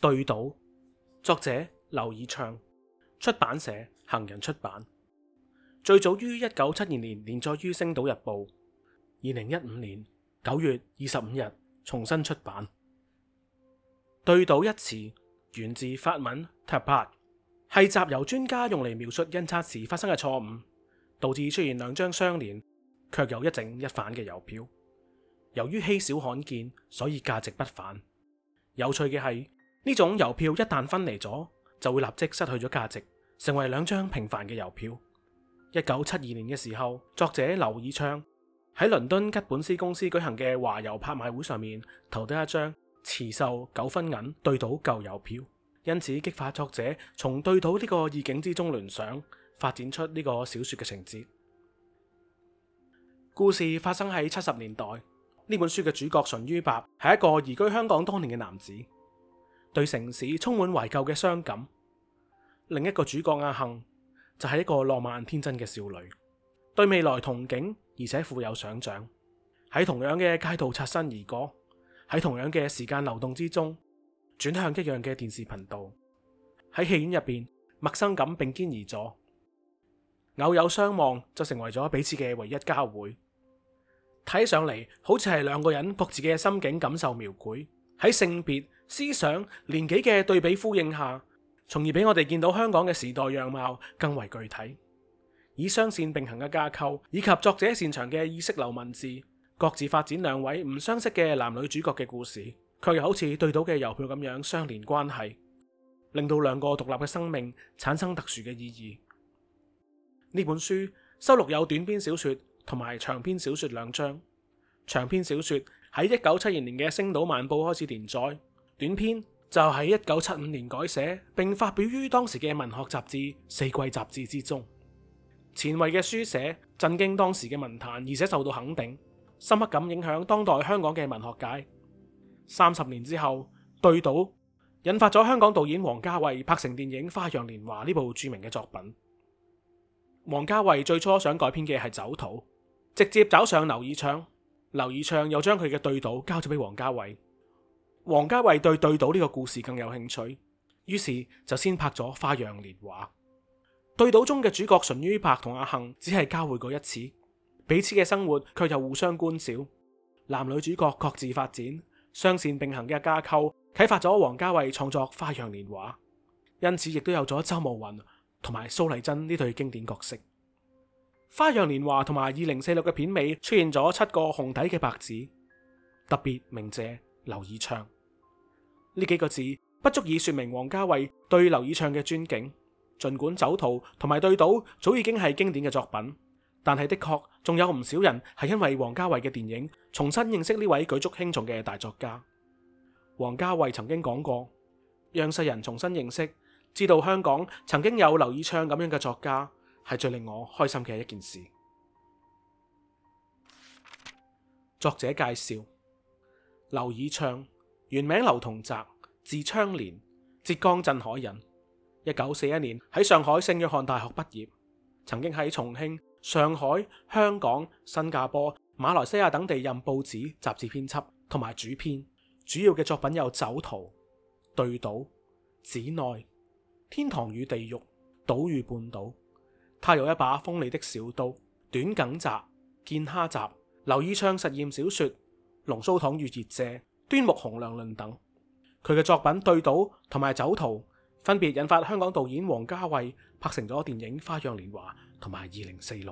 對倒，作者劉以鬯，出版社行人出版，最早於一九七二年連載於《星島晚報》，二零一五年九月二十五日重新出版。對倒一詞源自法文「Tête-Bêche」，係集郵專家用嚟描述印刷時發生嘅錯誤，導致出現兩張相連卻有一正一反嘅郵票。由於稀少罕見，所以價值不凡。有趣嘅係，呢種郵票一旦分離咗，就會立即失去咗價值，成為兩張平凡嘅郵票。一九七二年嘅時候，作者劉以鬯喺倫敦吉本斯公司舉行嘅華郵拍賣會上面，投得一張慈壽九分銀對倒舊郵票，因此激發作者從對倒呢個意境之中聯想，發展出呢個小說嘅情節。故事發生喺七十年代，呢本書嘅主角淳于白係一個移居香港多年嘅男子。對城市充滿懷舊嘅傷感。另一個主角阿杏，就係、是、一個浪漫天真嘅少女，對未來憧憬而且富有想像。喺同樣嘅街道擦身而過，喺同樣嘅時間流動之中，轉向一樣嘅電視頻道。喺戲院入邊，陌生感並肩而坐，偶有相望就成為咗彼此嘅唯一交會。睇上嚟好似係兩個人各自嘅心境感受描繪，喺性別、思想年紀嘅對比呼應下，從而俾我哋見到香港嘅時代樣貌更為具體。以雙線並行嘅架構，以及作者擅長嘅意識流文字，各自發展兩位唔相識嘅男女主角嘅故事，卻又好似對倒嘅郵票咁樣相連關係，令到兩個獨立嘅生命產生特殊嘅意義。呢本書收錄有短篇小說同埋長篇小說兩章。長篇小說喺一九七二年嘅《星島晚報》開始連載。短篇就喺一九七五年改寫，並發表於當時嘅文學雜誌《四季雜誌》之中。前衛嘅書寫震驚當時嘅文壇，而且受到肯定，深刻噉影響當代香港嘅文學界。三十年之後，對倒引發咗香港導演王家衛拍成電影《花樣年華》呢部著名嘅作品。王家衛最初想改編嘅係《酒徒》，直接找上劉以鬯，劉以鬯又將佢嘅《對倒》交咗俾王家衛。王家衛對對倒呢個故事更有興趣，於是就先拍咗《花樣年華》。對倒中嘅主角淳于白同阿杏只係交匯過一次，彼此嘅生活卻又互相觀照。男女主角各自發展，雙線並行嘅架構啟發咗王家衛創作《花樣年華》，因此亦都有咗周慕雲同埋蘇麗珍呢對經典角色。《花樣年華》同埋二零四六嘅片尾出現咗七個紅底嘅白字，特別鳴謝劉以鬯。呢幾個字不足以說明王家衛對劉以鬯嘅尊敬。儘管《酒徒》同埋《對倒》早已經係經典嘅作品，但係的確仲有唔少人係因為王家衛嘅電影重新認識呢位舉足輕重嘅大作家。王家衛曾經講過：讓世人重新認識，知道香港曾經有劉以鬯咁樣嘅作家，係最令我開心嘅一件事。作者介紹：劉以鬯。原名劉同繹，字昌年，浙江鎮海人。一九四一年喺上海聖約翰大學畢業，曾經喺重慶、上海、香港、新加坡、馬來西亞等地任報紙、雜誌編輯同埋主編。主要嘅作品有《酒徒》《對倒》《寺內》《天堂與地獄》《島與半島》。他有一把鋒利的小刀，短綆集、見蝦集、劉以鬯實驗小說《龍鬚糖與熱蔗》。《端木蕻良論》等，佢嘅作品《對倒》同埋《酒徒》，分別引發香港導演王家衛拍成咗電影《花樣年華》同埋《二零四六》。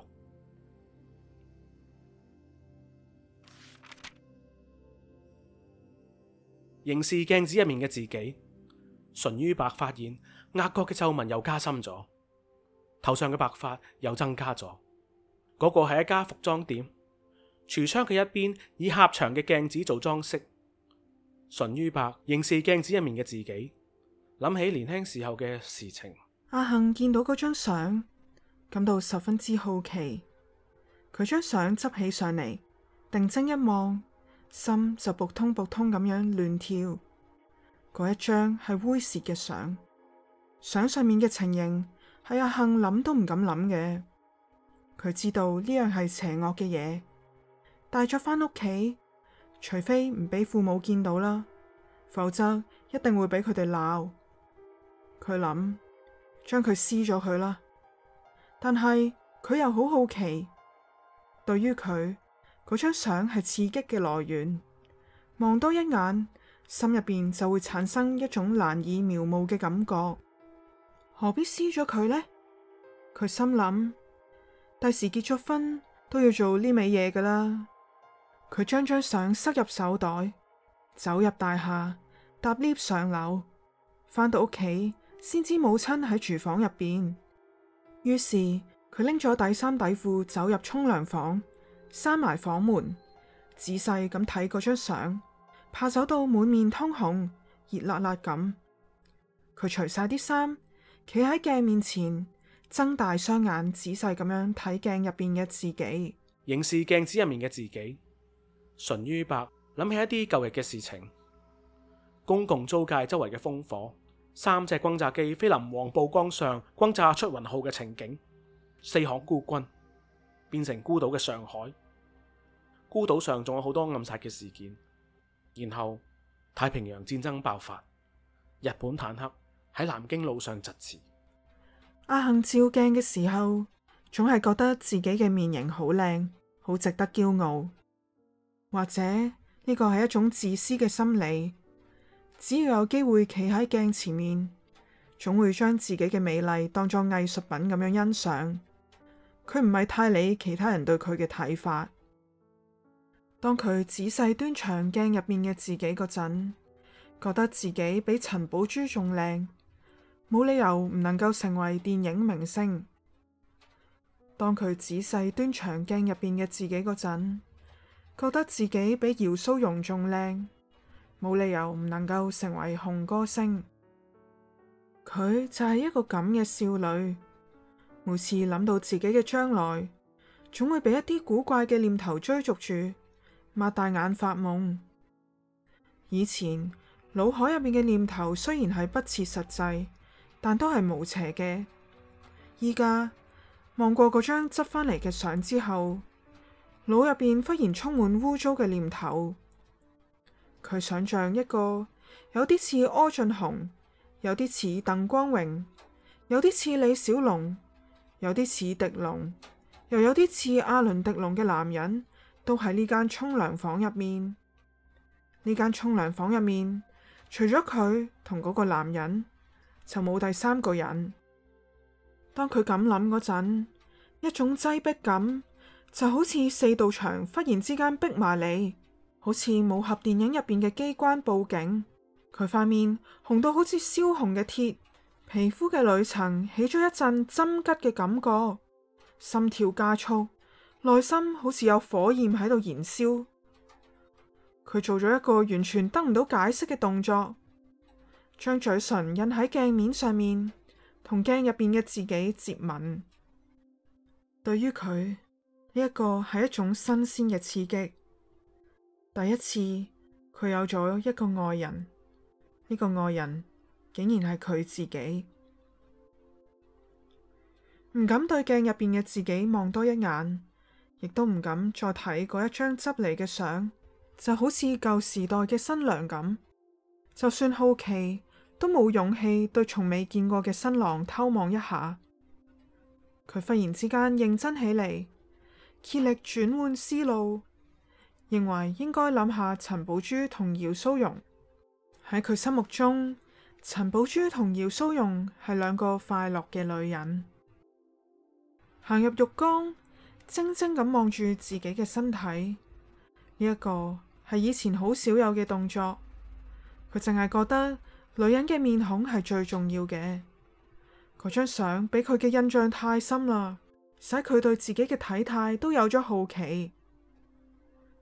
凝視鏡子入面嘅自己，淳于白發現額角嘅皺紋又加深咗，頭上嘅白髮又增加咗。嗰個係一家服裝店，櫥窗嘅一邊以狹長嘅鏡子做裝飾。淳于白凝視鏡子入面嘅自己，諗起年輕時候嘅事情。阿杏見到嗰張相，感到十分之好奇。佢將相執起上嚟，定睛一望，心就撲通撲通咁樣亂跳。嗰一張係猥褻嘅相，相上面嘅情形係阿杏諗都唔敢諗嘅。佢知道呢樣係邪惡嘅嘢，帶咗返屋企。除非唔俾父母見到啦，否則一定會俾佢哋鬧。佢諗將佢撕咗佢啦，但係佢又好好奇。對於佢嗰張相係刺激嘅來源，望多一眼，心入邊就會產生一種難以描摹嘅感覺。何必撕咗佢呢？佢心諗，第時結咗婚都要做呢味嘢噶啦。佢將張相塞入手袋，走入大廈，搭 lift 上樓，返到屋企先知母親喺廚房入邊。於是佢拎咗底衫底褲走入沖涼房，閂埋房門，仔細咁睇嗰張相，怕走到滿面通紅，熱辣辣咁。佢除晒啲衫，企喺鏡面前，睜大雙眼仔細咁樣睇鏡入邊嘅自己，凝視鏡子入面嘅自己。淳于白諗起一啲舊日嘅事情，公共租界周圍嘅烽火，三隻轟炸機飛臨黃浦江上轟炸出雲號嘅情景，四行孤軍變成孤島嘅上海，孤島上仲有好多暗殺嘅事件，然後太平洋戰爭爆發，日本坦克喺南京路上疾馳。阿杏照鏡嘅時候，總係覺得自己嘅面型好靚，好值得驕傲。或者呢個係一種自私嘅心理，只要有機會企喺鏡前面，總會將自己嘅美麗當作藝術品咁樣欣賞。佢唔係太理其他人對佢嘅睇法。當佢仔細端詳鏡入面嘅自己嗰陣，覺得自己比陳寶珠仲靚，冇理由唔能夠成為電影明星。當佢仔細端詳鏡入面嘅自己嗰陣。覺得自己比姚蘇蓉仲靚，冇理由唔能夠成為紅歌星。佢就係一個咁嘅少女，每次諗到自己嘅將來，總會俾一啲古怪嘅念頭追逐住，擘大眼發夢。以前腦海入面嘅念頭雖然係不切實際，但都係無邪嘅。依家望過嗰張執返嚟嘅相之後，腦入邊忽然充滿污糟嘅念頭，佢想象一個有啲似柯俊雄，有啲似鄧光榮，有啲似李小龍，有啲似狄龍，又有啲似阿倫狄龍嘅男人，都喺呢間沖涼房入面。呢間沖涼房入面，除咗佢同嗰個男人，就冇第三個人。當佢咁諗嗰陣，一種擠迫感。就好似四道牆忽然之間逼埋嚟，好似武俠電影入邊嘅機關報警。佢塊面紅到好似燒紅嘅鐵，皮膚嘅裏層起咗一陣針拮嘅感覺，心跳加速，內心好似有火焰喺度燃燒。佢做咗一個完全得唔到解釋嘅動作，將嘴唇印喺鏡面上面，同鏡入邊嘅自己接吻。對於佢。呢一個係一種新鮮嘅刺激，第一次佢有咗一個愛人，呢個愛人竟然係佢自己，唔 敢對鏡入邊嘅自己望多一眼，亦都唔敢再睇嗰一張執嚟嘅相，就好似舊時代嘅新娘咁。就算好奇，都冇勇氣對從未見過嘅新郎偷望一下。佢忽然之間認真起嚟。竭力轉換思路，認為應該諗下陳寶珠同姚蘇蓉。喺佢心目中，陳寶珠同姚蘇蓉係兩個快樂嘅女人。行入浴缸，怔怔咁望住自己嘅身體，呢一個係以前好少有嘅動作。佢淨係覺得女人嘅面孔係最重要嘅，嗰張相俾佢嘅印象太深啦。使佢對自己嘅體態都有咗好奇。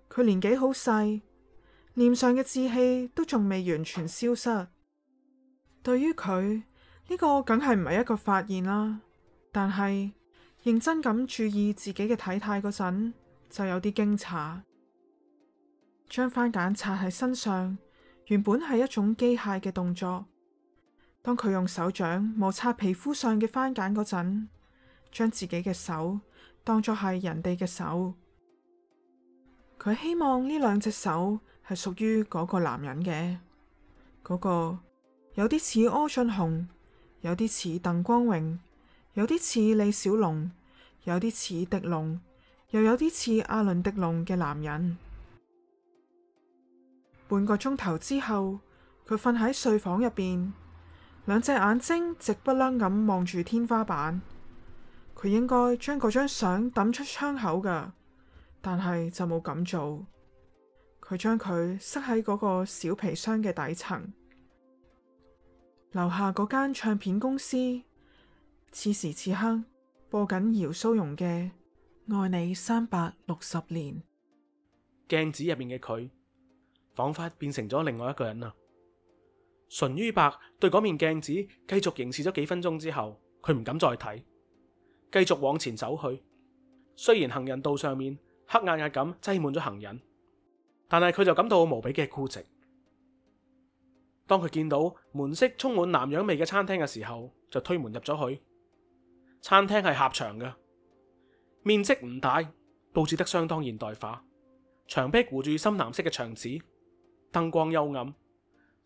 佢年紀好細，面上嘅稚氣都仲未完全消失。對於佢呢個，梗係唔係一個發現啦。但係認真咁注意自己嘅體態嗰陣，就有啲驚詫。將番梘擦喺身上，原本係一種機械嘅動作。當佢用手掌摩擦皮膚上嘅番梘嗰陣，將自己嘅手當作係人哋嘅手，佢希望呢兩隻手係屬於嗰個男人嘅。嗰個有啲似柯俊雄，有啲似鄧光榮，有啲似李小龍，有啲似狄龍，又有啲似阿倫狄龍嘅男人。半個鐘頭之後，佢瞓喺睡房入邊，兩隻眼睛直不楞咁望住天花板。佢應該將嗰張相抌出窗口噶，但係就冇咁做。佢將佢塞喺嗰個小皮箱嘅底層。樓下嗰間唱片公司此時此刻播緊姚蘇蓉嘅《愛你三百六十年》。鏡子入面嘅佢，仿佛變成咗另外一個人啊！淳于白對嗰面鏡子繼續凝視咗幾分鐘之後，佢唔敢再睇。繼續往前走去，雖然行人道上面黑壓壓咁擠滿咗行人，但係佢就感到無比嘅孤寂。當佢見到門式充滿南洋味嘅餐廳嘅時候，就推門入咗去。餐廳係狹長嘅，面積唔大，布置得相當現代化。牆壁糊住深藍色嘅牆紙，燈光幽暗，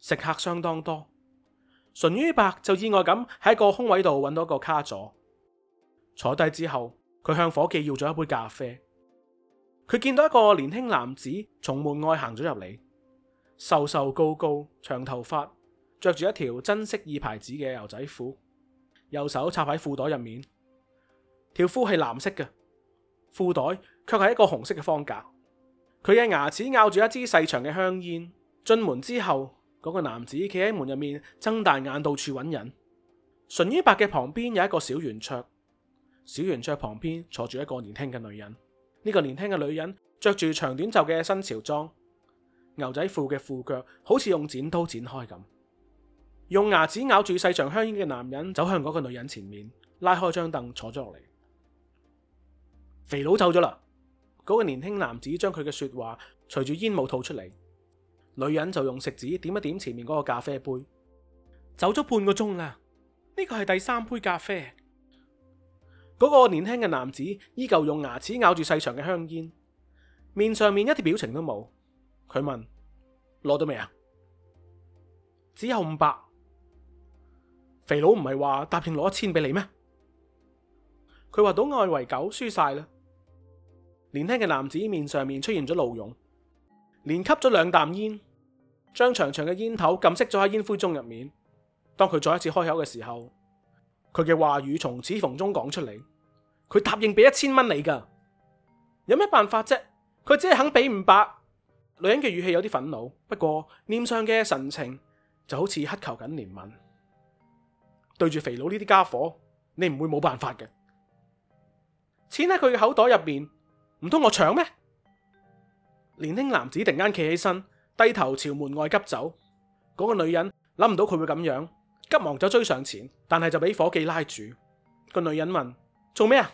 食客相當多。淳于白就意外咁喺一個空位度揾到個卡座。坐低之後，佢向伙計要咗一杯咖啡。佢見到一個年輕男子從門外行咗入嚟，瘦瘦高高，長頭髮，着住一條真色二牌子嘅牛仔褲，右手插喺褲袋入面，條褲係藍色嘅，褲袋卻係一個紅色嘅方格。佢嘅牙齒咬住一支細長嘅香煙。進門之後，嗰、那個男子企喺門入面，睜大眼到處揾人。淳于白嘅旁邊有一個小圓桌。小圓桌旁邊坐住一個年輕嘅女人。呢個年輕嘅女人着住長短袖嘅新潮裝，牛仔褲嘅褲腳好似用剪刀剪開咁。用牙齒咬住細長香煙嘅男人走向嗰個女人前面，拉開張凳坐咗落嚟。肥佬走咗啦。嗰個年輕男子將佢嘅說話隨住煙霧吐出嚟。女人就用食指點一點前面嗰個咖啡杯。走咗半個鐘啦。呢個係第三杯咖啡。嗰個年輕嘅男子依舊用牙齒咬住細長嘅香煙，面上面一啲表情都冇。佢問：攞到未啊？只有五百。肥佬唔係話答應攞一千俾你咩？佢話賭外圍狗輸晒啦。年輕嘅男子面上面出現咗怒容，連吸咗兩啖煙，將長長嘅煙頭撳熄咗喺煙灰中入面。當佢再一次開口嘅時候。佢嘅話語從齒縫中講出嚟。佢答應俾一千蚊你㗎，有咩辦法啫？佢只係肯俾五百。女人嘅語氣有啲憤怒，不過臉上嘅神情就好似乞求緊憐憫。對住肥佬呢啲家伙，你唔會冇辦法嘅。錢喺佢嘅口袋入面，唔通我搶咩？年輕男子突然間企起身，低頭朝門外急走。嗰個女人諗唔到佢會咁樣，急忙就追上前，但係就俾伙計拉住。個女人問：做咩啊？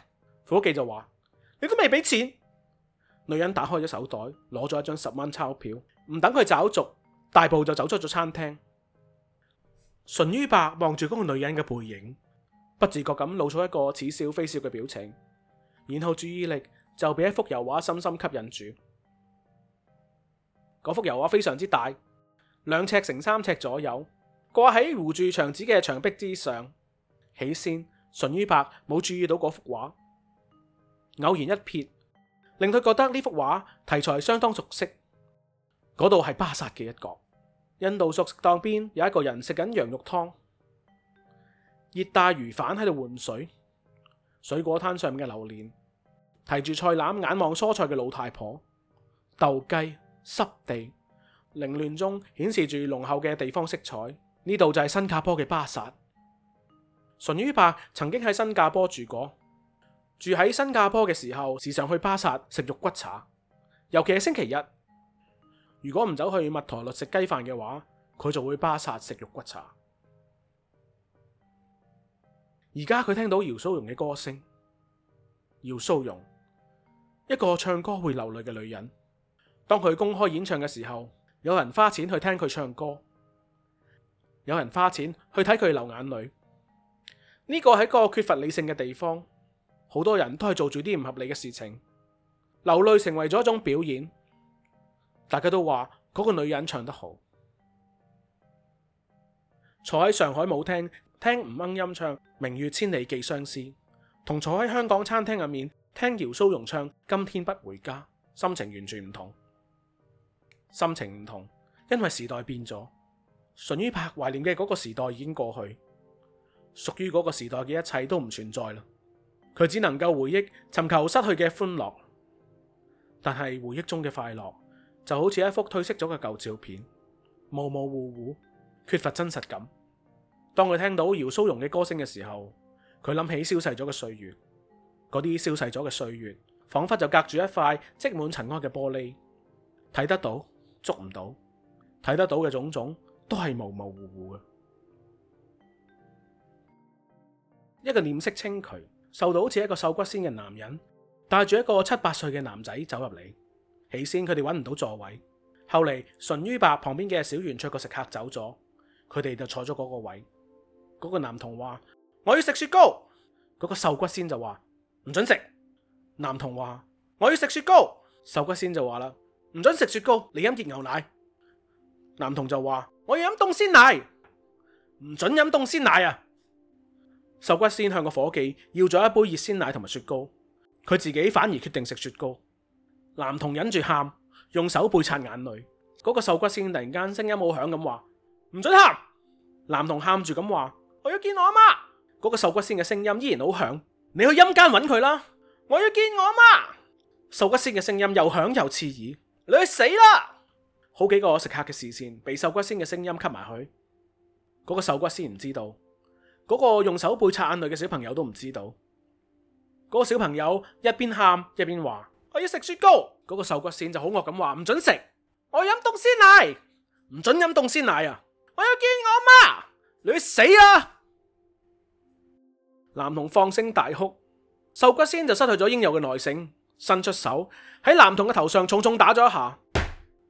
伙計就話：你都未俾錢。女人打開咗手袋，攞咗一張十蚊鈔票，唔等佢找續，大步就走出咗餐廳。淳于白望住嗰個女人嘅背影，不自覺咁露出一個似笑非笑嘅表情，然後注意力就俾一幅油畫深深吸引住。嗰幅油畫非常之大，兩尺乘三尺左右。掛喺糊住牆紙嘅牆壁之上。起先，淳于白冇注意到嗰幅畫，偶然一瞥，令佢覺得呢幅畫題材相當熟悉。嗰度係巴剎嘅一角，印度熟食檔邊有一個人食緊羊肉湯，熱帶魚販喺度換水，水果攤上面嘅榴蓮，提住菜籃眼望蔬菜嘅老太婆，鬥雞、濕地，凌亂中顯示住濃厚嘅地方色彩。呢度就係新加坡嘅巴薩，淳于白曾經喺新加坡住過。住喺新加坡嘅時候，時常去巴薩食肉骨茶，尤其係星期日。如果唔走去麥台律食雞飯嘅話，佢就會巴薩食肉骨茶。而家佢聽到姚蘇蓉嘅歌聲，姚蘇蓉，一個唱歌會流淚嘅女人。當佢公開演唱嘅時候，有人花錢去聽佢唱歌。有人花錢去睇佢流眼淚，呢個係一個缺乏理性嘅地方，好多人都係做住啲唔合理嘅事情，流淚成為咗一種表演。大家都話嗰個女人唱得好，坐喺上海舞廳聽吳鶯音唱《明月千里寄相思》，同坐喺香港餐廳入面聽姚蘇蓉唱《今天不回家》，心情完全唔同，心情唔同，因為時代變咗。淳于白懷念嘅嗰個時代已經過去，屬於嗰個時代嘅一切都唔存在啦。佢只能夠回憶，尋求失去嘅歡樂。但係回憶中嘅快樂就好似一幅褪色咗嘅舊照片，模模糊糊，缺乏真實感。當佢聽到姚蘇蓉嘅歌聲嘅時候，佢諗起消逝咗嘅歲月，嗰啲消逝咗嘅歲月仿佛就隔住一塊積滿塵埃嘅玻璃，睇得到，捉唔到，睇得到嘅種種。都係模模糊糊嘅，一個臉色清渠，瘦到好似一個瘦骨仙嘅男人帶住一個七八歲嘅男仔走入嚟。起先佢哋揾唔到座位，後嚟淳于白旁邊嘅小圓桌個食客走咗，佢哋就坐咗嗰個位。嗰、那個男童話：我要食雪糕。嗰、那個瘦骨仙就話：唔准食。男童話：我要食雪糕。瘦骨仙就話啦：唔准食雪糕，你飲熱牛奶。男童就話：我要飲凍鮮奶，唔准飲凍鮮奶啊！瘦骨仙向個伙計要咗一杯熱鮮奶同埋雪糕，佢自己反而決定食雪糕。男童忍住喊，用手背擦眼淚。嗰個瘦骨仙突然間聲音好響咁話：唔准喊！男童喊住咁話：我要見我阿媽。嗰個瘦骨仙嘅聲音依然好響，你去陰間揾佢啦！我要見我阿媽。瘦骨仙嘅聲音又響又刺耳，你去死啦！好幾個食客嘅視線被瘦骨仙嘅聲音吸埋去，嗰個瘦骨仙唔知道，嗰個用手背擦眼淚嘅小朋友都唔知道，嗰個小朋友一邊喊一邊話：我要食雪糕。嗰個瘦骨仙就好惡咁話：唔准食，我要飲凍鮮奶，唔准飲凍鮮奶啊！我要見我阿媽，你去死啊！男童放聲大哭，瘦骨仙就失去咗應有嘅耐性，伸出手喺男童嘅頭上重重打咗一下。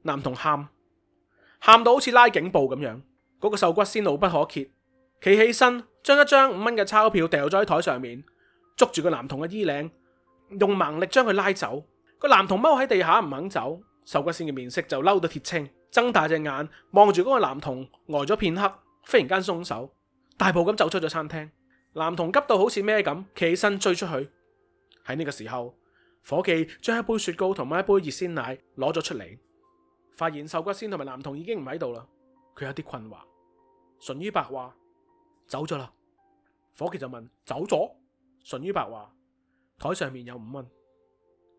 男童喊喊到好似拉警報咁樣，嗰、那個瘦骨仙怒不可遏，企起身將一張五蚊嘅鈔票掉咗喺台上面，捉住個男童嘅衣領，用蠻力將佢拉走。男走個男童踎喺地下唔肯走，瘦骨仙嘅面色就嬲到鐵青，睜大隻眼望住嗰個男童，呆咗片刻，忽然間鬆手，大步咁走出咗餐廳。男童急到好似咩咁，企起身追出去。喺呢個時候，伙計將一杯雪糕同埋一杯熱鮮奶攞咗出嚟。發現瘦骨仙同埋男童已經唔喺度啦，佢有啲困惑。淳于白話走咗啦，伙計就問走咗。淳于白話台上面有五蚊，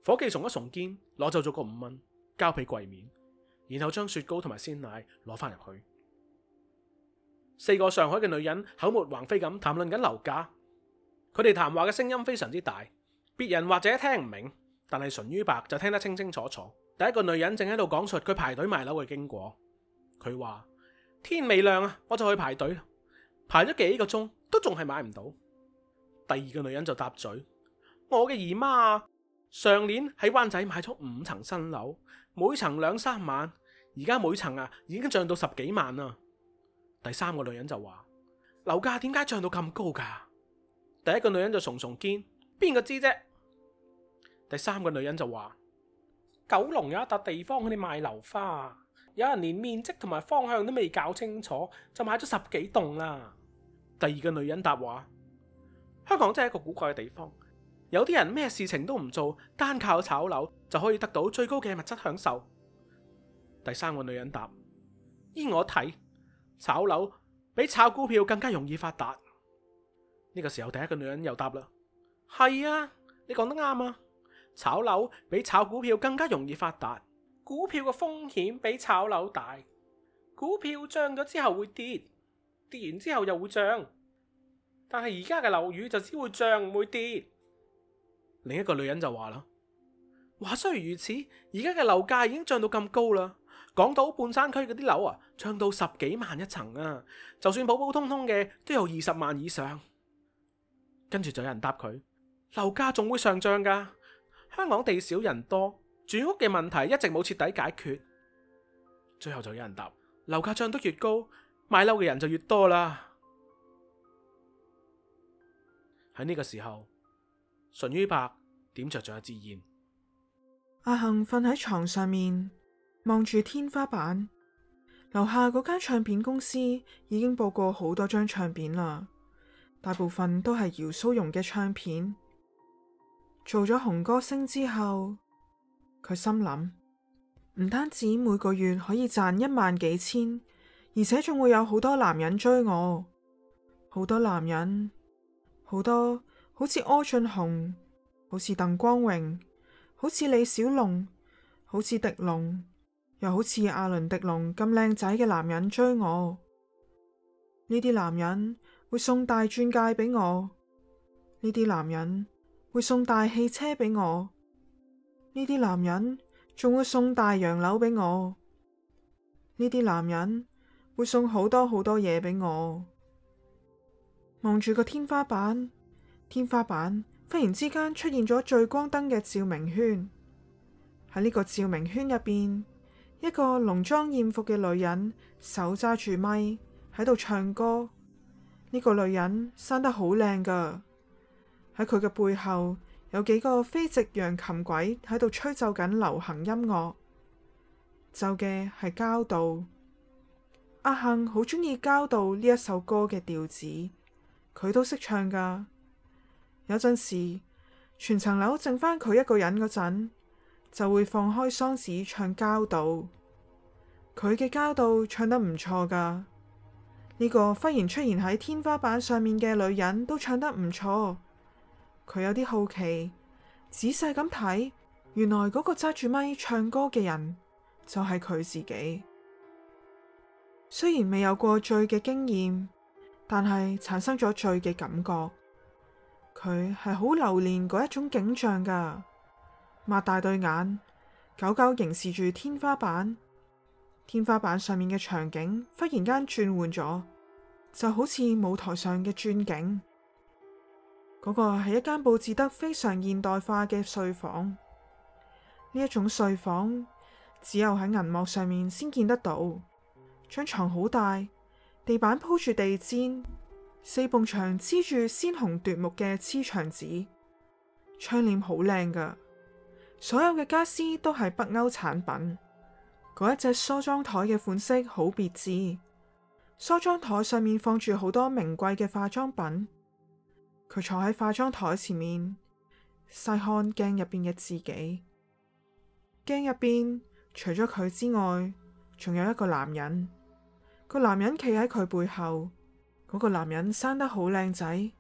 伙計聳一聳肩，攞走咗個五蚊，交俾櫃面，然後將雪糕同埋鮮奶攞翻入去。四個上海嘅女人口沫橫飛咁談論緊樓價，佢哋談話嘅聲音非常之大，別人或者聽唔明，但係淳于白就聽得清清楚楚。第一個女人正喺度講述佢排隊買樓嘅經過。佢話天未亮啊，我就去排隊，排咗幾個鐘都仲係買唔到。第二個女人就搭嘴：我嘅姨媽上年喺灣仔買咗五層新樓，每層兩三萬，而家每層啊已經漲到十幾萬啦。第三個女人就話：樓價點解漲到咁高㗎？第一個女人就聳聳肩：邊個知啫？第三個女人就話。九龍有一笪地方佢哋賣樓花，有人連面積同埋方向都未搞清楚就買咗十幾棟啦。第二個女人答話：香港真係一個古怪嘅地方，有啲人咩事情都唔做，單靠炒樓就可以得到最高嘅物質享受。第三個女人答：依我睇，炒樓比炒股票更加容易發達。呢個時候第一個女人又答啦：係啊，你講得啱啊。炒樓比炒股票更加容易發達，股票嘅風險比炒樓大。股票漲咗之後會跌，跌完之後又會漲，但係而家嘅樓宇就只會漲唔會跌。另一個女人就話啦：話雖如此，而家嘅樓價已經漲到咁高啦，港島半山區嗰啲樓啊，漲到十幾萬一層啊，就算普普通通嘅都有二十萬以上。跟住就有人答佢：樓價仲會上漲噶。香港地少人多，住屋嘅問題一直冇徹底解決，最後就有人答，樓價漲得越高，買樓嘅人就越多啦。喺呢個時候，淳于白點着咗一支煙。亞杏瞓喺床上面，望住天花板。樓下嗰間唱片公司已經播過好多張唱片啦，大部分都係姚蘇蓉嘅唱片。做咗紅歌星之後，佢心諗唔單止每個月可以賺一萬幾千，而且仲會有好多男人追我，好多男人，好多，好似柯俊雄，好似鄧光榮，好似李小龍，好似狄龍，又好似阿倫狄龍咁靚仔嘅男人追我。呢啲男人會送大鑽戒俾我。呢啲男人。會送大汽車俾我，呢啲男人仲會送大洋樓俾我，呢啲男人會送好多好多嘢俾我。望住個天花板，天花板忽然之間出現咗聚光燈嘅照明圈。喺呢個照明圈入邊，一個濃妝艷服嘅女人手揸住咪喺度唱歌。呢個女人生得好靚噶。喺佢嘅背後有幾個非直洋琴鬼喺度吹奏緊流行音樂，奏嘅係《郊道》。阿杏好中意《郊道》呢一首歌嘅調子，佢都識唱噶。有陣時全層樓剩翻佢一個人嗰陣，就會放開嗓子唱《郊道》。佢嘅《郊道》唱得唔錯噶。呢個忽然出現喺天花板上面嘅女人都唱得唔錯。佢有啲好奇，仔細咁睇，原來嗰個揸住咪唱歌嘅人就係佢自己。雖然未有過醉嘅經驗，但係產生咗醉嘅感覺。佢係好留戀嗰一種景象噶，擘大對眼，久久凝視住天花板。天花板上面嘅場景忽然間轉換咗，就好似舞台上嘅轉景。嗰個係一間布置得非常現代化嘅睡房，呢一種睡房只有喺銀幕上面先見得到。張床好大，地板鋪住地氈，四埲牆黐住鮮紅奪目嘅黐牆紙，窗簾好靚噶，所有嘅家私都係北歐產品。嗰一隻梳妝台嘅款式好別致，梳妝台上面放住好多名貴嘅化妝品。佢坐喺化妝台前面，細看鏡入邊嘅自己。鏡入邊除咗佢之外，仲有一個男人。個男人企喺佢背後。嗰個男人生得好靚仔，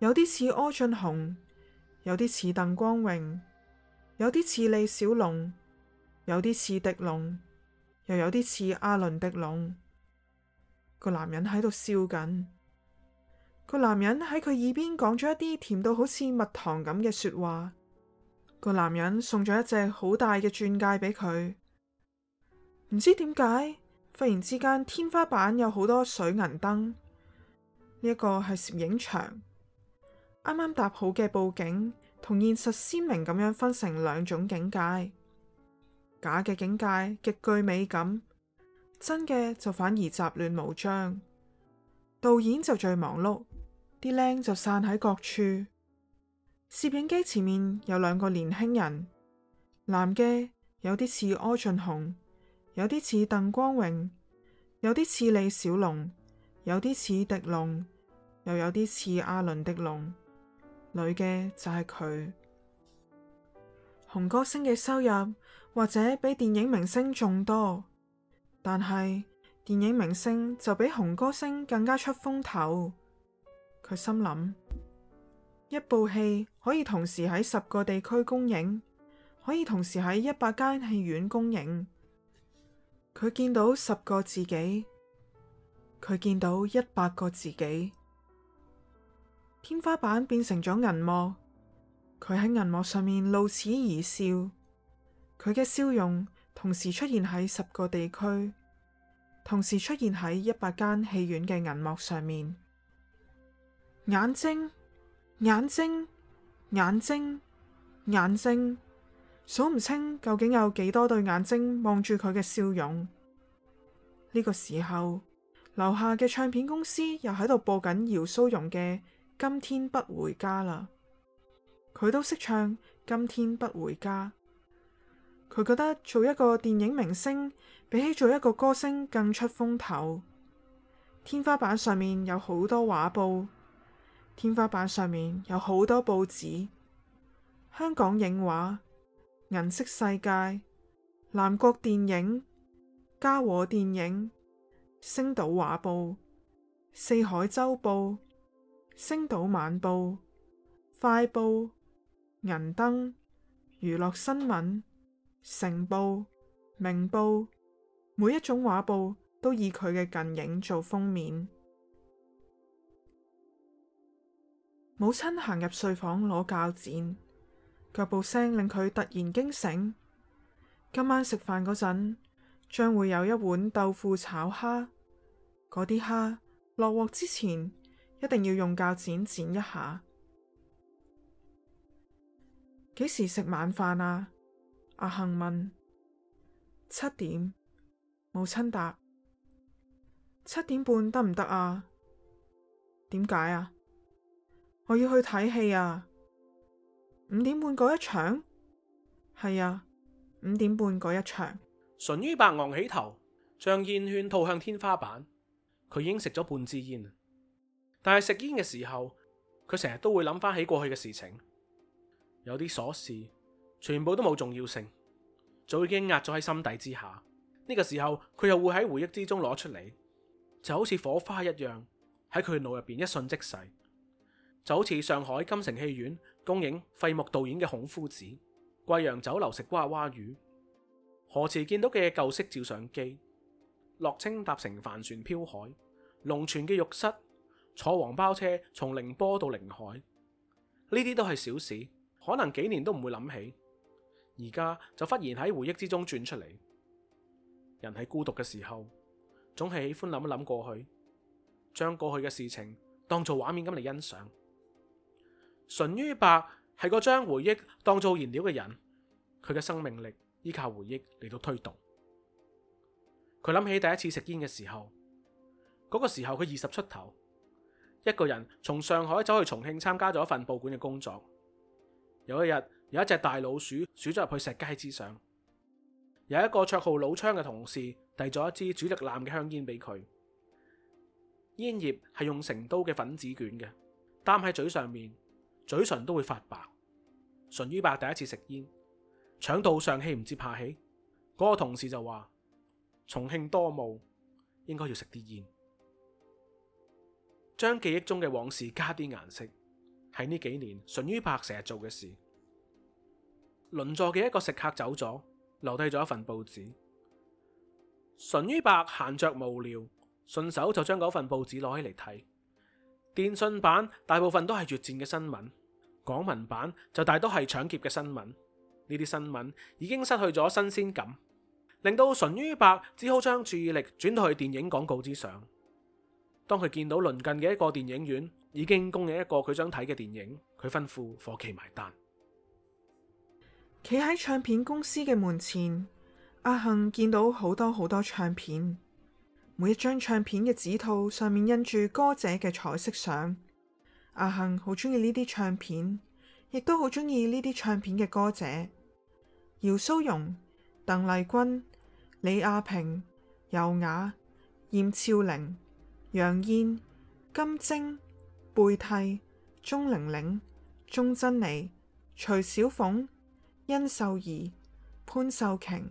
有啲似柯俊雄，有啲似鄧光榮，有啲似李小龍，有啲似狄龍，又有啲似阿倫狄龍。個男人喺度笑緊。個男人喺佢耳邊講咗一啲甜到好似蜜糖咁嘅說話。個男人送咗一隻好大嘅鑽戒俾佢。唔知點解，忽然之間天花板有好多水銀燈。呢一個係攝影場，啱啱搭好嘅布景，同現實鮮明咁樣分成兩種境界。假嘅境界極具美感，真嘅就反而雜亂無章。導演就最忙碌。啲靚就散喺各處，攝影機前面有兩個年輕人，男嘅有啲似柯俊雄，有啲似鄧光榮，有啲似李小龍，有啲似狄龍，又有啲似阿倫狄龍。女嘅就係佢。紅歌星嘅收入或者比電影明星仲多，但係電影明星就比紅歌星更加出風頭。佢心諗，一部戲可以同時喺十個地區公映，可以同時喺一百間戲院公映。佢見到十個自己，佢見到一百個自己。天花板變成咗銀幕，佢喺銀幕上面露齒而笑，佢嘅笑容同時出現喺十個地區，同時出現喺一百間戲院嘅銀幕上面。眼睛，眼睛，眼睛，眼睛，數唔清究竟有幾多對眼睛望住佢嘅笑容。呢個時候樓下嘅唱片公司又喺度播緊姚蘇蓉嘅《今天不回家》啦。佢都識唱《今天不回家》，佢覺得做一個電影明星比起做一個歌星更出風頭。天花板上面有好多畫布。天花板上面有好多報紙：香港影畫、銀色世界、南國電影、嘉禾電影、星島畫報、四海周報、星島晚報、快報、銀燈、娛樂新聞、成報、明報。每一種畫報都以佢嘅近影做封面。母親行入睡房攞鉸剪，腳步聲令佢突然驚醒。今晚食飯嗰陣，將會有一碗豆腐炒蝦。嗰啲蝦落鑊之前，一定要用鉸剪剪一下。幾時食晚飯啊？阿杏問。七點，母親答。七點半得唔得啊？點解啊？我要去睇戲啊！五點半嗰一場，係啊，五點半嗰一場。淳于白昂起頭，將煙圈吐向天花板。佢已經食咗半支煙，但係食煙嘅時候，佢成日都會諗翻起過去嘅事情，有啲瑣事，全部都冇重要性，早已經壓咗喺心底之下。呢個時候，佢又會喺回憶之中攞出嚟，就好似火花一樣喺佢腦入邊一瞬即逝。就好似上海金城戲院公映費穆導演嘅《孔夫子》，貴陽酒樓食娃娃魚，河池見到嘅舊式照相機，樂清搭乘帆船漂海，龍泉嘅浴室，坐黃包車從寧波到寧海，呢啲都係小事，可能幾年都唔會諗起，而家就忽然喺回憶之中轉出嚟。人喺孤獨嘅時候，總係喜歡諗一諗過去，將過去嘅事情當做畫面咁嚟欣賞。淳于白係個將回憶當做燃料嘅人，佢嘅生命力依靠回憶嚟到推動。佢諗起第一次食煙嘅時候，嗰個時候佢二十出頭，一個人從上海走去重慶參加咗一份報館嘅工作。有一日，有一隻大老鼠鼠咗入去石階之上，有一個綽號老槍嘅同事遞咗一支主力艦嘅香煙俾佢，煙葉係用成都嘅粉紙捲嘅，擔喺嘴上面。嘴唇都會發白，淳于白第一次食煙，搶到上氣唔接下氣。嗰、那個同事就話：重慶多霧，應該要食啲煙。將記憶中嘅往事加啲顏色，喺呢幾年，淳于白成日做嘅事。鄰座嘅一個食客走咗，留低咗一份報紙。淳于白閒着無聊，順手就將嗰份報紙攞起嚟睇。電信版大部分都係越戰嘅新聞，港文版就大多係搶劫嘅新聞。呢啲新聞已經失去咗新鮮感，令到淳于白只好將注意力轉到去電影廣告之上。當佢見到鄰近嘅一個電影院已經公映一個佢想睇嘅電影，佢吩咐伙計埋單。企喺唱片公司嘅門前，阿杏見到好多好多唱片。每一張唱片嘅紙套上面印住歌者嘅彩色相。阿杏好鍾意呢啲唱片，亦都好鍾意呢啲唱片嘅歌者：姚蘇蓉、鄧麗君、李亞萍、尤雅、嚴俏玲、楊燕、金晶、貝蒂、鍾玲玲、鍾珍妮、徐小鳳、殷秀儀、潘秀瓊。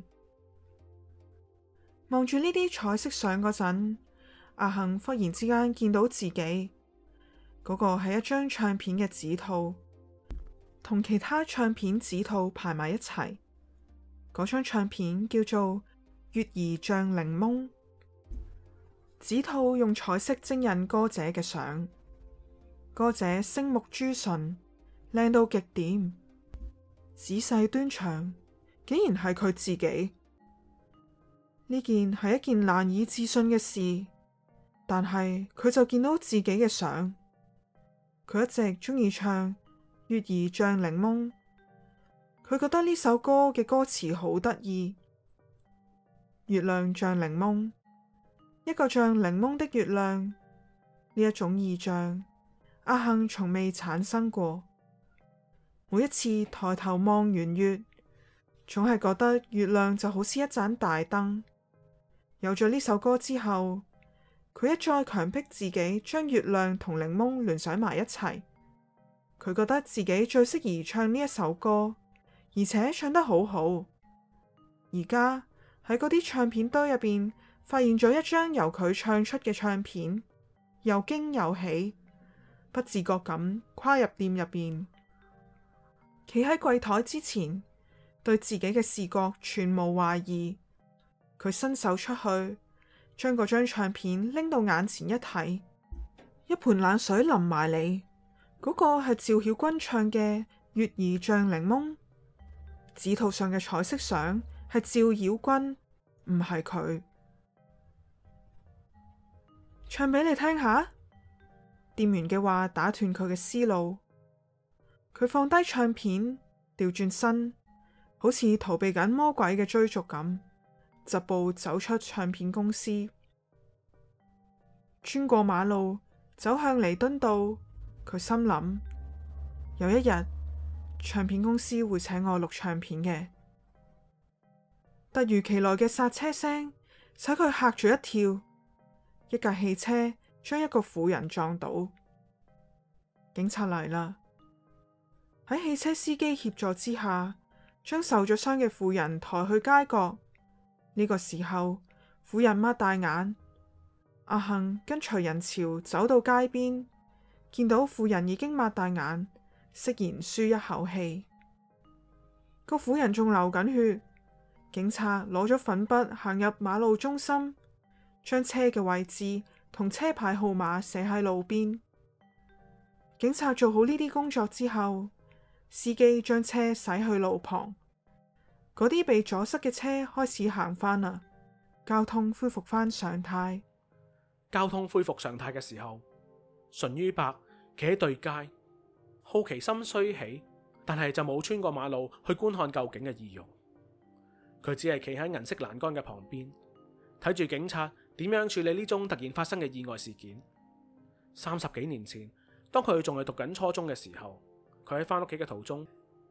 望住呢啲彩色相嗰陣，阿杏忽然之間見到自己嗰、嗰個係一張唱片嘅紙套，同其他唱片紙套排埋一齊。嗰張唱片叫做《月兒像檸檬》，紙套用彩色精印歌者嘅相，歌者星目珠唇，靚到極點，仔細端詳，竟然係佢自己。呢件係一件難以置信嘅事，但係佢就見到自己嘅相。佢一直中意唱《月兒像檸檬》，佢覺得呢首歌嘅歌詞好得意。月亮像檸檬，一個像檸檬的月亮，呢一種意象，阿杏從未產生過。每一次抬頭望圓月，總係覺得月亮就好似一盞大燈。有咗呢首歌之後，佢一再強迫自己將月亮同檸檬聯想埋一齊。佢覺得自己最適宜唱呢一首歌，而且唱得好好。而家喺嗰啲唱片堆入邊發現咗一張由佢唱出嘅唱片，又驚又喜，不自覺咁跨入店入邊，企喺櫃台之前，對自己嘅視覺全無懷疑。佢伸手出去，將嗰張唱片拎到眼前一睇，一盆冷水淋埋你。嗰個係趙曉君唱嘅《月兒像檸檬》，紙套上嘅彩色相係趙曉君，唔係佢。唱俾你聽下。店員嘅話打斷佢嘅思路，佢放低唱片，調轉身，好似逃避緊魔鬼嘅追逐咁。.疾步走出唱片公司，穿過馬路走向彌敦道。佢心諗：有一日，唱片公司會請我錄唱片嘅。突如其來嘅剎車聲使佢嚇咗一跳，一架汽車將一個婦人撞倒。警察嚟啦，喺汽車司機協助之下，將受咗傷嘅婦人抬去街角。呢個時候，婦人擘大眼，阿杏跟隨人潮走到街邊，見到婦人已經擘大眼，釋然舒一口氣。個婦人仲流緊血，警察攞咗粉筆行入馬路中心，將車嘅位置同車牌號碼寫喺路邊。警察做好呢啲工作之後，司機將車駛去路旁。嗰啲被阻塞嘅車開始行翻啦，交通恢復翻常態。交通恢復常態嘅時候，淳于白企喺對街，好奇心雖起，但係就冇穿過馬路去觀看究竟嘅意欲。佢只係企喺銀色欄杆嘅旁邊，睇住警察點樣處理呢宗突然發生嘅意外事件。三十幾年前，當佢仲係讀緊初中嘅時候，佢喺翻屋企嘅途中。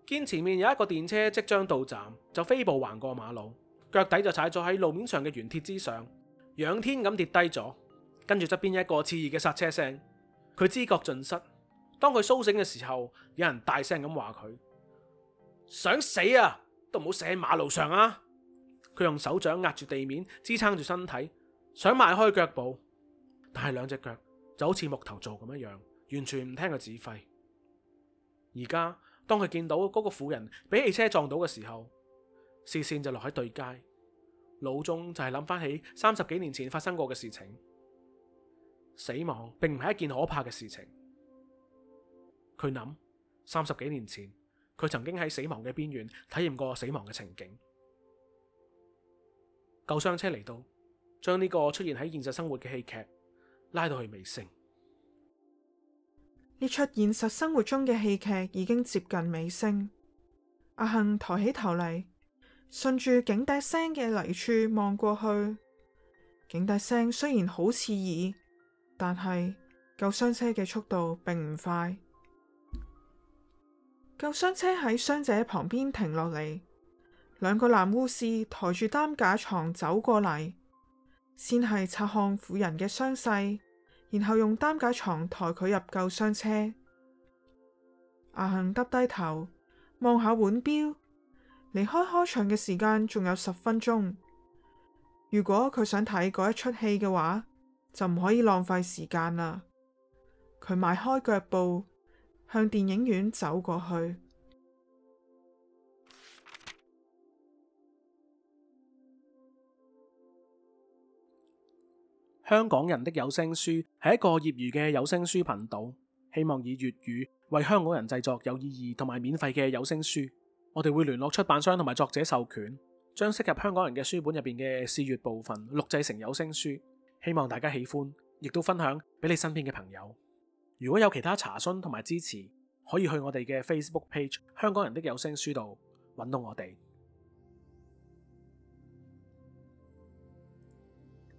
見前面有一個電車即將到站，就飛步橫過馬路，腳底就踩咗喺路面上嘅原鐵之上，仰天咁跌低咗。跟住側邊一個刺耳嘅剎車聲，佢知覺盡失。當佢蘇醒嘅時候，有人大聲咁話佢：想死啊，都唔好死喺馬路上啊！佢用手掌壓住地面支撐住身體，想邁開腳步，但係兩隻腳就好似木頭做咁一樣，完全唔聽佢指揮。而家。當佢見到嗰個婦人俾汽車撞到嘅時候，視線就落喺對街，腦中就係諗翻起三十幾年前發生過嘅事情。死亡並唔係一件可怕嘅事情，佢諗三十幾年前佢曾經喺死亡嘅邊緣體驗過死亡嘅情景。救傷車嚟到，將呢個出現喺現實生活嘅戲劇拉到去尾聲。列出現實生活中嘅戲劇已經接近尾聲。阿杏抬起頭嚟，順住警笛聲嘅嚟處望過去。警笛聲雖然好刺耳，但係救傷車嘅速度並唔快。救傷車喺傷者旁邊停落嚟，兩個男護士抬住擔架床走過嚟，先係察看婦人嘅傷勢。然後用擔架床抬佢入救傷車。阿杏耷低頭望下腕表，離開開場嘅時間仲有十分鐘。如果佢想睇嗰一齣戲嘅話，就唔可以浪費時間啦。佢邁開腳步向電影院走過去。香港人的有聲書係一個業餘嘅有聲書頻道，希望以粵語為香港人製作有意義同埋免費嘅有聲書。我哋會聯絡出版商同埋作者授權，將適合香港人嘅書本入邊嘅試閱部分錄製成有聲書，希望大家喜歡，亦都分享俾你身邊嘅朋友。如果有其他查詢同埋支持，可以去我哋嘅 Facebook page《香港人的有聲書》度，揾到我哋。